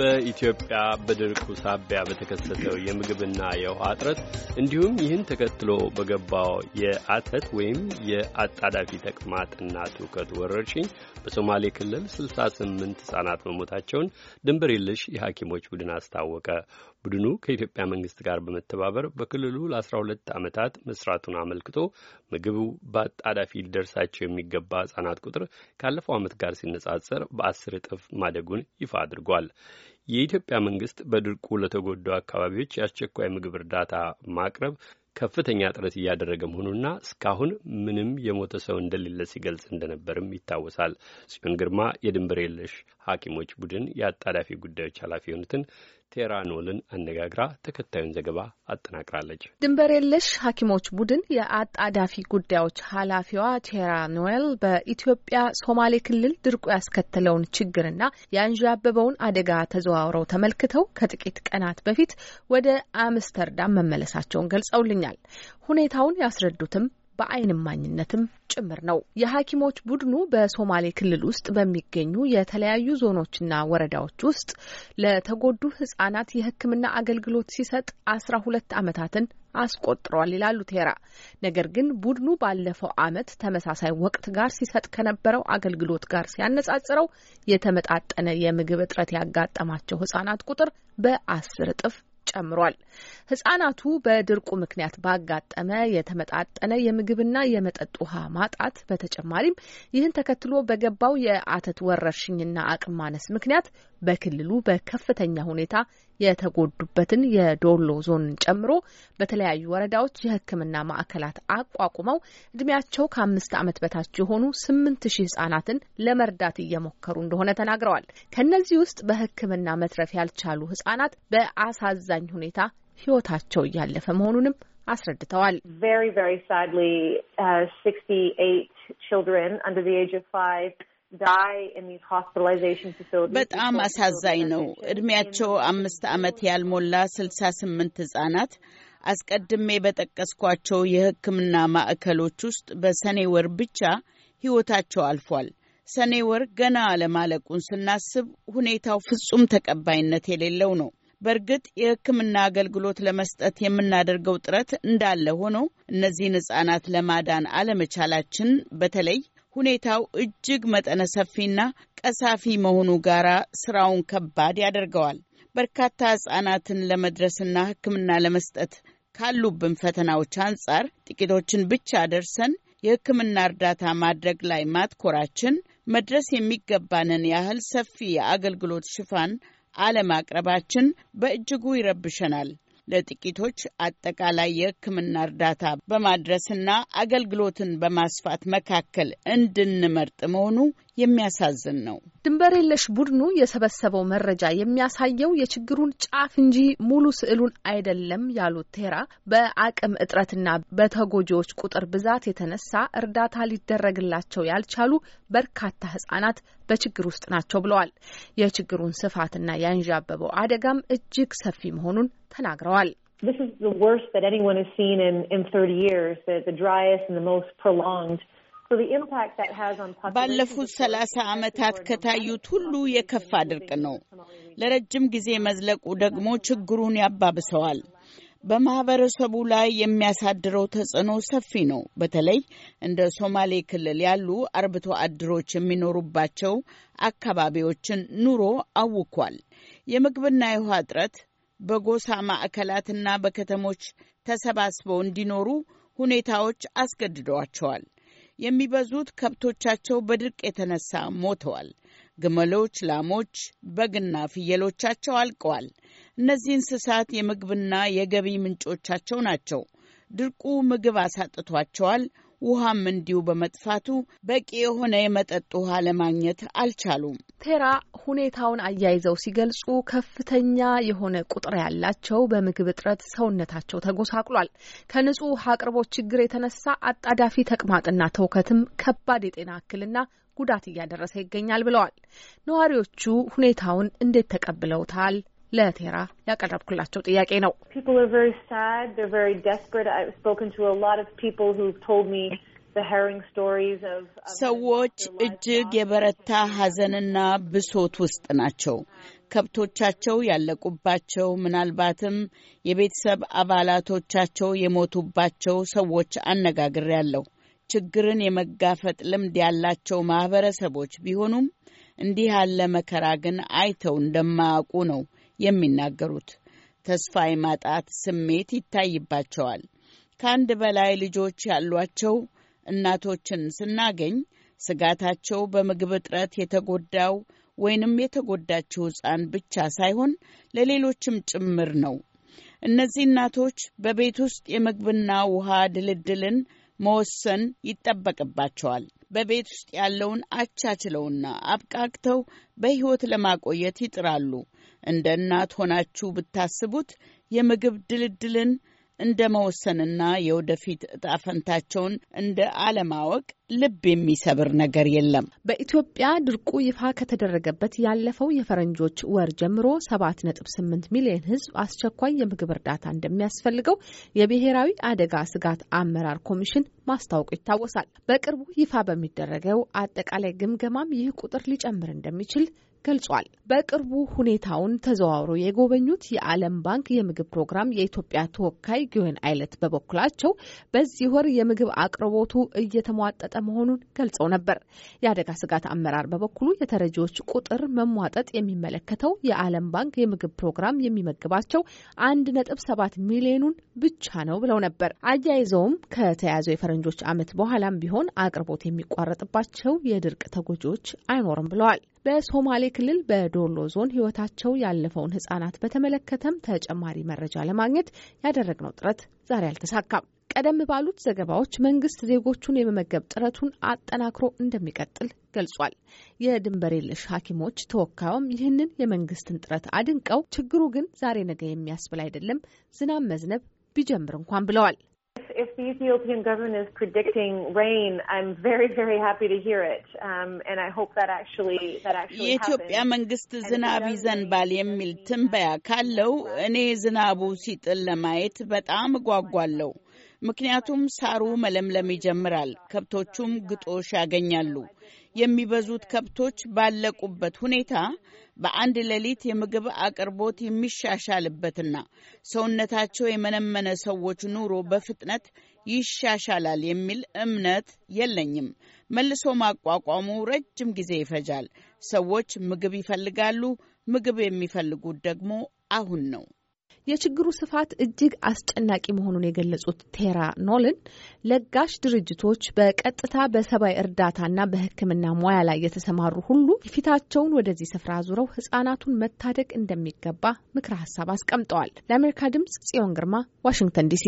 በኢትዮጵያ በድርቁ ሳቢያ በተከሰተው የምግብና የውሃ እጥረት እንዲሁም ይህን ተከትሎ በገባው የአተት ወይም የአጣዳፊ ተቅማጥና ትውከት ወረርሽኝ በሶማሌ ክልል 68 ሕጻናት መሞታቸውን ድንበር የለሽ የሐኪሞች ቡድን አስታወቀ። ቡድኑ ከኢትዮጵያ መንግስት ጋር በመተባበር በክልሉ ለ12 ዓመታት መስራቱን አመልክቶ ምግቡ በአጣዳፊ ሊደርሳቸው የሚገባ ሕጻናት ቁጥር ካለፈው ዓመት ጋር ሲነጻጸር በአስር እጥፍ ማደጉን ይፋ አድርጓል። የኢትዮጵያ መንግስት በድርቁ ለተጎዱ አካባቢዎች የአስቸኳይ ምግብ እርዳታ ማቅረብ ከፍተኛ ጥረት እያደረገ መሆኑና እስካሁን ምንም የሞተ ሰው እንደሌለ ሲገልጽ እንደነበርም ይታወሳል። ጽዮን ግርማ የድንበር የለሽ ሐኪሞች ቡድን የአጣዳፊ ጉዳዮች ኃላፊ የሆኑትን ቴራኖልን አነጋግራ ተከታዩን ዘገባ አጠናቅራለች። ድንበር የለሽ ሐኪሞች ቡድን የአጣዳፊ ጉዳዮች ኃላፊዋ ቴራ ኖዌል በኢትዮጵያ ሶማሌ ክልል ድርቁ ያስከተለውን ችግርና የአንዣበበውን አደጋ ተዘዋውረው ተመልክተው ከጥቂት ቀናት በፊት ወደ አምስተርዳም መመለሳቸውን ገልጸውልኛል። ሁኔታውን ያስረዱትም በአይንማኝነትም ጭምር ነው። የሐኪሞች ቡድኑ በሶማሌ ክልል ውስጥ በሚገኙ የተለያዩ ዞኖችና ወረዳዎች ውስጥ ለተጎዱ ህጻናት የሕክምና አገልግሎት ሲሰጥ አስራ ሁለት ዓመታትን አስቆጥረዋል ይላሉ ቴራ። ነገር ግን ቡድኑ ባለፈው ዓመት ተመሳሳይ ወቅት ጋር ሲሰጥ ከነበረው አገልግሎት ጋር ሲያነጻጽረው የተመጣጠነ የምግብ እጥረት ያጋጠማቸው ህጻናት ቁጥር በአስር እጥፍ ጨምሯል። ህጻናቱ በድርቁ ምክንያት ባጋጠመ የተመጣጠነ የምግብና የመጠጥ ውሃ ማጣት በተጨማሪም ይህን ተከትሎ በገባው የአተት ወረርሽኝና አቅም ማነስ ምክንያት በክልሉ በከፍተኛ ሁኔታ የተጎዱበትን የዶሎ ዞንን ጨምሮ በተለያዩ ወረዳዎች የሕክምና ማዕከላት አቋቁመው እድሜያቸው ከአምስት ዓመት በታች የሆኑ ስምንት ሺህ ህጻናትን ለመርዳት እየሞከሩ እንደሆነ ተናግረዋል። ከእነዚህ ውስጥ በሕክምና መትረፍ ያልቻሉ ህጻናት በአሳዛኝ በአሳዛኝ ሁኔታ ህይወታቸው እያለፈ መሆኑንም አስረድተዋል። uh, በጣም አሳዛኝ ነው። እድሜያቸው አምስት ዓመት ያልሞላ ስልሳ ስምንት ህጻናት አስቀድሜ በጠቀስኳቸው የሕክምና ማዕከሎች ውስጥ በሰኔ ወር ብቻ ህይወታቸው አልፏል። ሰኔ ወር ገና አለማለቁን ስናስብ ሁኔታው ፍጹም ተቀባይነት የሌለው ነው። በእርግጥ የሕክምና አገልግሎት ለመስጠት የምናደርገው ጥረት እንዳለ ሆኖ እነዚህን ሕጻናት ለማዳን አለመቻላችን በተለይ ሁኔታው እጅግ መጠነ ሰፊና ቀሳፊ መሆኑ ጋራ ስራውን ከባድ ያደርገዋል። በርካታ ሕጻናትን ለመድረስና ሕክምና ለመስጠት ካሉብን ፈተናዎች አንጻር ጥቂቶችን ብቻ ደርሰን የሕክምና እርዳታ ማድረግ ላይ ማትኮራችን መድረስ የሚገባንን ያህል ሰፊ የአገልግሎት ሽፋን አለማቅረባችን በእጅጉ ይረብሸናል። ለጥቂቶች አጠቃላይ የሕክምና እርዳታ በማድረስና አገልግሎትን በማስፋት መካከል እንድንመርጥ መሆኑ የሚያሳዝን ነው። ድንበር የለሽ ቡድኑ የሰበሰበው መረጃ የሚያሳየው የችግሩን ጫፍ እንጂ ሙሉ ስዕሉን አይደለም ያሉት ቴራ በአቅም እጥረትና በተጎጂዎች ቁጥር ብዛት የተነሳ እርዳታ ሊደረግላቸው ያልቻሉ በርካታ ህጻናት በችግር ውስጥ ናቸው ብለዋል። የችግሩን ስፋትና ያንዣበበው አደጋም እጅግ ሰፊ መሆኑን ተናግረዋል። This is the worst that anyone has seen in, in 30 years, the, the driest and the most prolonged ባለፉት ሰላሳ ዓመታት ከታዩት ሁሉ የከፋ ድርቅ ነው። ለረጅም ጊዜ መዝለቁ ደግሞ ችግሩን ያባብሰዋል። በማህበረሰቡ ላይ የሚያሳድረው ተጽዕኖ ሰፊ ነው። በተለይ እንደ ሶማሌ ክልል ያሉ አርብቶ አድሮች የሚኖሩባቸው አካባቢዎችን ኑሮ አውኳል። የምግብና የውሃ እጥረት በጎሳ ማዕከላትና በከተሞች ተሰባስበው እንዲኖሩ ሁኔታዎች አስገድደዋቸዋል። የሚበዙት ከብቶቻቸው በድርቅ የተነሳ ሞተዋል። ግመሎች፣ ላሞች፣ በግና ፍየሎቻቸው አልቀዋል። እነዚህ እንስሳት የምግብና የገቢ ምንጮቻቸው ናቸው። ድርቁ ምግብ አሳጥቷቸዋል። ውሃም እንዲሁ በመጥፋቱ በቂ የሆነ የመጠጥ ውሃ ለማግኘት አልቻሉም። ቴራ ሁኔታውን አያይዘው ሲገልጹ ከፍተኛ የሆነ ቁጥር ያላቸው በምግብ እጥረት ሰውነታቸው ተጎሳቅሏል። ከንጹህ ውሃ አቅርቦት ችግር የተነሳ አጣዳፊ ተቅማጥና ተውከትም ከባድ የጤና እክልና ጉዳት እያደረሰ ይገኛል ብለዋል። ነዋሪዎቹ ሁኔታውን እንዴት ተቀብለውታል? ለቴራ ያቀረብኩላቸው ጥያቄ ነው። ሰዎች እጅግ የበረታ ሐዘንና ብሶት ውስጥ ናቸው። ከብቶቻቸው ያለቁባቸው፣ ምናልባትም የቤተሰብ አባላቶቻቸው የሞቱባቸው ሰዎች አነጋግሬያለሁ። ችግርን የመጋፈጥ ልምድ ያላቸው ማህበረሰቦች ቢሆኑም እንዲህ ያለ መከራ ግን አይተው እንደማያውቁ ነው የሚናገሩት። ተስፋ የማጣት ስሜት ይታይባቸዋል። ከአንድ በላይ ልጆች ያሏቸው እናቶችን ስናገኝ ስጋታቸው በምግብ እጥረት የተጎዳው ወይንም የተጎዳችው ሕፃን ብቻ ሳይሆን ለሌሎችም ጭምር ነው። እነዚህ እናቶች በቤት ውስጥ የምግብና ውሃ ድልድልን መወሰን ይጠበቅባቸዋል። በቤት ውስጥ ያለውን አቻችለውና አብቃቅተው በሕይወት ለማቆየት ይጥራሉ። እንደ እናት ሆናችሁ ብታስቡት የምግብ ድልድልን እንደ መወሰንና የወደፊት እጣ ፈንታቸውን እንደ አለማወቅ ልብ የሚሰብር ነገር የለም። በኢትዮጵያ ድርቁ ይፋ ከተደረገበት ያለፈው የፈረንጆች ወር ጀምሮ 7.8 ሚሊዮን ሕዝብ አስቸኳይ የምግብ እርዳታ እንደሚያስፈልገው የብሔራዊ አደጋ ስጋት አመራር ኮሚሽን ማስታወቁ ይታወሳል። በቅርቡ ይፋ በሚደረገው አጠቃላይ ግምገማም ይህ ቁጥር ሊጨምር እንደሚችል ገልጿል። በቅርቡ ሁኔታውን ተዘዋውሮ የጎበኙት የዓለም ባንክ የምግብ ፕሮግራም የኢትዮጵያ ተወካይ ጊዮን አይለት በበኩላቸው በዚህ ወር የምግብ አቅርቦቱ እየተሟጠጠ መሆኑን ገልጸው ነበር። የአደጋ ስጋት አመራር በበኩሉ የተረጂዎች ቁጥር መሟጠጥ የሚመለከተው የዓለም ባንክ የምግብ ፕሮግራም የሚመግባቸው አንድ ነጥብ ሰባት ሚሊዮኑን ብቻ ነው ብለው ነበር። አያይዘውም ከተያዘው የፈረንጆች ዓመት በኋላም ቢሆን አቅርቦት የሚቋረጥባቸው የድርቅ ተጎጂዎች አይኖርም ብለዋል። በሶማሌ ክልል በዶሎ ዞን ሕይወታቸው ያለፈውን ህጻናት በተመለከተም ተጨማሪ መረጃ ለማግኘት ያደረግነው ጥረት ዛሬ አልተሳካም። ቀደም ባሉት ዘገባዎች መንግስት ዜጎቹን የመመገብ ጥረቱን አጠናክሮ እንደሚቀጥል ገልጿል። የድንበር የለሽ ሐኪሞች ተወካዩም ይህንን የመንግስትን ጥረት አድንቀው ችግሩ ግን ዛሬ ነገ የሚያስብል አይደለም፣ ዝናብ መዝነብ ቢጀምር እንኳን ብለዋል። if the Ethiopian government is predicting rain, I'm very, very happy to hear it. Um, and I hope that actually that actually የኢትዮጵያ መንግስት ዝናብ ይዘንባል የሚል ትንበያ ካለው እኔ ዝናቡ ሲጥል ለማየት በጣም እጓጓለሁ። ምክንያቱም ሳሩ መለምለም ይጀምራል፣ ከብቶቹም ግጦሽ ያገኛሉ። የሚበዙት ከብቶች ባለቁበት ሁኔታ በአንድ ሌሊት የምግብ አቅርቦት የሚሻሻልበትና ሰውነታቸው የመነመነ ሰዎች ኑሮ በፍጥነት ይሻሻላል የሚል እምነት የለኝም። መልሶ ማቋቋሙ ረጅም ጊዜ ይፈጃል። ሰዎች ምግብ ይፈልጋሉ። ምግብ የሚፈልጉት ደግሞ አሁን ነው። የችግሩ ስፋት እጅግ አስጨናቂ መሆኑን የገለጹት ቴራ ኖልን ለጋሽ ድርጅቶች በቀጥታ በሰብአዊ እርዳታና በሕክምና ሙያ ላይ የተሰማሩ ሁሉ ፊታቸውን ወደዚህ ስፍራ አዙረው ህጻናቱን መታደግ እንደሚገባ ምክረ ሀሳብ አስቀምጠዋል። ለአሜሪካ ድምጽ ጽዮን ግርማ ዋሽንግተን ዲሲ